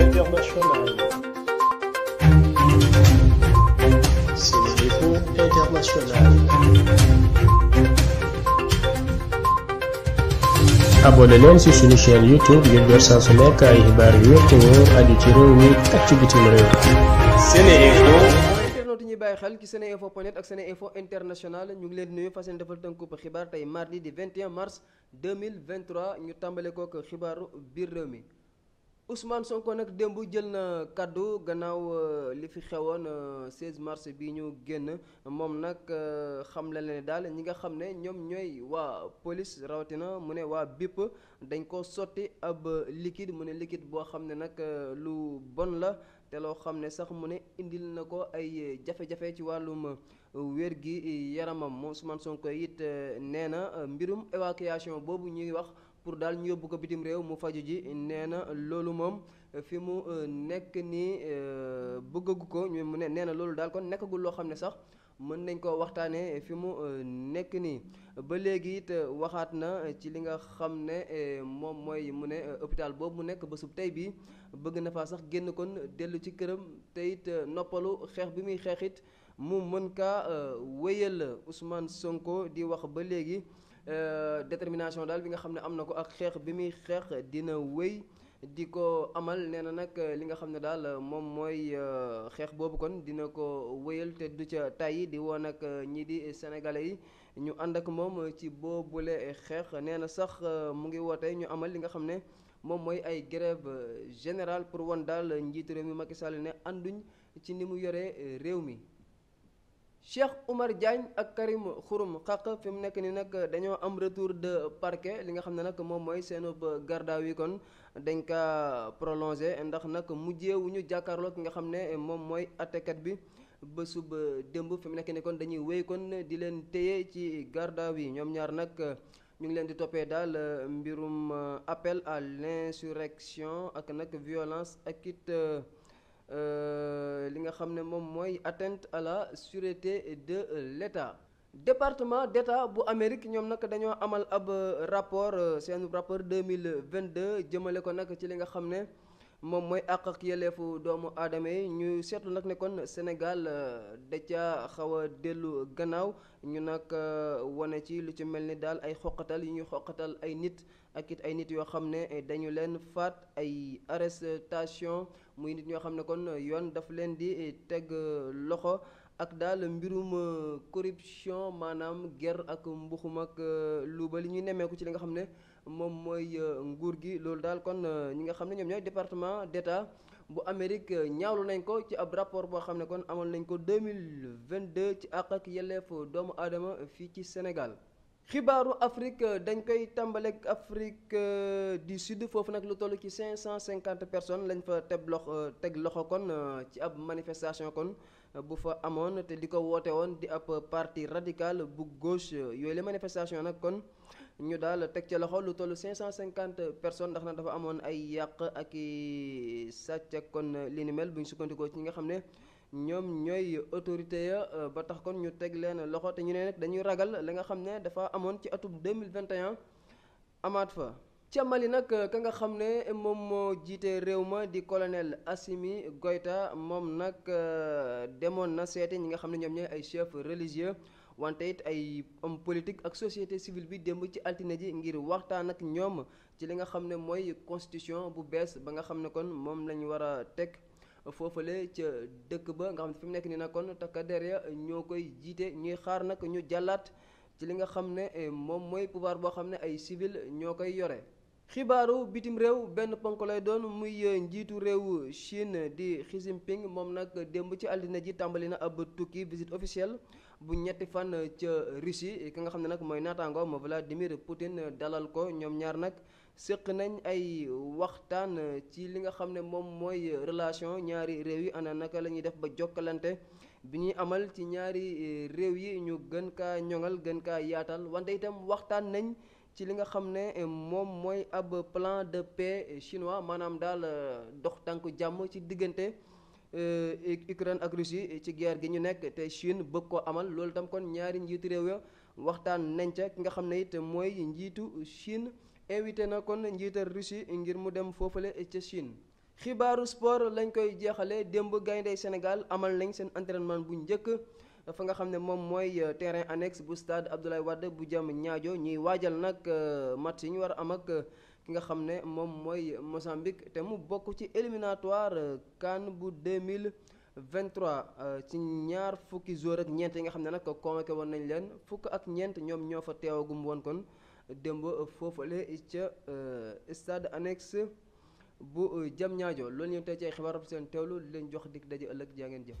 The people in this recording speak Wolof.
internationale. C'est l'info internationale. abonné leen ci suñu chaîne YouTube ngir saa su nekk xibaar yu wér te wóor ci réew mi ak ci bitim réew. SeneInfo. ñu ngi bàyyi xel ci seneinfo point net ak seneinfo international ñu ngi leen nuyu fas yéene defal tënku xibaar tey mardi di 21 mars 2023 ñu tàmbale kook xibaaru biir réew mi. Ousmane ko nag démb jël na kàddu gannaaw euh, li fi xewoon 16 euh, mars bi ñu génn moom nag euh, xam la ne daal ñi nga xam ne ñoom ñooy waa police rawatina mu ne waa BIP dañ ko sotti ab liquide mu ne liquide boo xam ne nag lu bon la te loo xam ne sax mu ne indil na ko ay jafe-jafe ci wàllum wér gi yaramam moom Ousmane Sonko it nee na mbirum évacuation boobu ñuy wax. pour daal ñu yóbbu ko bitim réew mu faju ji nee na loolu moom eh, fi mu eh, nekk nii eh, bëggagu ko mu ne nee na loolu daal kon nekkagul loo xam ne sax mën nañ koo waxtaanee fi mu nekk nii ba léegi it waxaat na ci li nga xam ne moom mooy mu ne hôpital boobu mu nekk ba sub tey bii bëgg na faa sax génn kon dellu ci këram te it noppalu xeex bi muy xeexit mu mën kaa wéyal Ousmane Sonko di wax ba léegi. Euh, détermination daal bi nga xam ne am na ko ak xeex bi muy xeex dina wéy di ko amal nee na nag li nga xam ne daal moom mooy euh, xeex boobu kon dina ko wéyal te du ca tàyyi di woon ak euh, ñii di sénégalais yi ñu ànd ak moom ci boobule xeex nee na sax mu ngi wootee ñu amal li nga xam ne moom mooy ay grève générale pour wan daal njiitu réew mi Macky Sall ne ànduñ ci ni mu yore réew mi. Cheikh Oumar Diagne ak Karim Xurum Xaq fi mu nekk ni nag dañoo am retour de parquet li nga xam ne nag moom mooy seenub garde à kon dañ kaa prolongé ndax nag mujjeewuñu jàkkaarlook ki nga xam ne moom mooy attekat bi ba suba démb fi mu nekk ni kon dañuy wéy kon di leen téye ci garde à ñoom ñaar nag ñu ngi leen di toppee daal mbirum appel à l'insurrection ak nag violence ak it euh, Euh, li nga xam ne moom mooy atteinte à la sûreté de l'État département d'État bu Amérique ñoom nag dañoo amal ab rapport euh, seen rapport deux mille vingt deux jëmale ko nag ci li nga xam ne moom mooy àq ak doomu aadama yi ñu seetlu nag ne kon Sénégal euh, da ca xaw a dellu gannaaw ñu nag euh, wane ci lu ci mel ni daal ay xoqatal yu ñuy xoqatal ay nit ak it ay nit yoo xam ne dañu leen faat ay arrestation muy nit ñoo xam ne kon yoon daf leen di teg euh, loxo ak daal mbirum euh, corruption maanaam guerre ak mbuxum ak euh, luuba li ñuy nemmeeku ci li nga xam ne moom mooy euh, nguur gi loolu daal kon ñi nga xam ne ñoom ñooy département d'État bu Amérique ñaawlu nañ ko ci ab rapport boo xam ne kon amal nañ ko vingt 2022 ci àq ak yelleef doomu aadama fii ci Sénégal xibaaru Afrique euh, dañ koy tàmbaleeg Afrique euh, di Sud foofu nag lu toll ci cinq cent cinquante personnes lañ fa teg loxo teg loxo kon euh, ci ab manifestation kon bu fa amoon te li ko woote woon di ab parti radical bu gauche yooyu la manifestation nag kon ñu daal teg ca loxo lu toll cinq cent cinquante personnes ndax na dafa amoon ay yàq ak i sàcc kon li ni mel bu sukkandikoo ci ñi nga xam ne. ñoom ñooy autorité ya euh, ba tax kon ñu teg leen loxo te ñu ne nag dañuy ragal la nga xam ne dafa amoon ci atum 2021 amaat fa ca Mali nag euh, ka nga xam ne moom moo jiite réew ma di colonel Assimi Goïta moom nag euh, demoon na seeti ñi nga xam ne ñoom ñooy ay chef religieux wante it ay homme politique ak société civile bi démb ci altine ji ngir waxtaan ak ñoom ci li nga xam ne mooy constitution bu bees ba nga xam ne kon moom la ñu war a teg foofale ca dëkk ba nga xam ne fi mu nekk nii nag kon takk der ya ñoo koy jiite ñuy xaar nag ñu jàllaat ci li nga xam ne eh, moom mooy pouvoir boo xam ne ay civil ñoo koy yore. xibaaru bitim réew benn ponk lay doon muy eh, njiitu réew Chine di Xi Jinping moom nag démb ci àldina ji tàmbali na ab tukki visite officielle bu ñetti fan ca Russie ki nga xam ne nag mooy naataangoom Vladimir Poutine dalal ko ñoom ñaar nag. séq nañ ay waxtaan euh, ci li nga xam ne moom mooy euh, relation ñaari réew yi ana naka la ñuy def ba jokkalante bi ñuy amal ci ñaari euh, réew yi ñu gën kaa ñoŋal gën kaa yaatal wante itam waxtaan nañ ci li nga xam ne moom mooy ab plan de paix chinois maanaam daal dox tànku jàmm ci diggante Ukraine ak Russie ci guerre gi ñu nekk te Chine bëgg koo amal loolu tam kon ñaari njiitu réew ya waxtaan nañ ca ki nga xam ne it mooy njiitu Chine invité na kon njiital Russie ngir mu dem foofu ca Chine xibaaru sport lañ koy jeexale démb gayndey Sénégal amal nañ seen entraînement bu njëkk fa nga xam ne moom mooy euh, terrain annexe bu stade Abdoulaye Wade bu jam ñaajo ñuy waajal nag euh, match yi ñu war a am ak euh, ki nga xam ne moom mooy Mozambique te mu bokk ci éliminatoire kaan bu mille 2023 ci ñaar fukki joueur ak ñeent yi nga xam ne nag convoqué woon nañ leen fukk ak ñeent ñoom ñoo fa teewagum woon kon démb foofale ca euh, stade annexe bu jam euh, loolu ñu tey ci ay xibaar seen teewlu leen jox dig daje ëllëg jaa ngeen jëf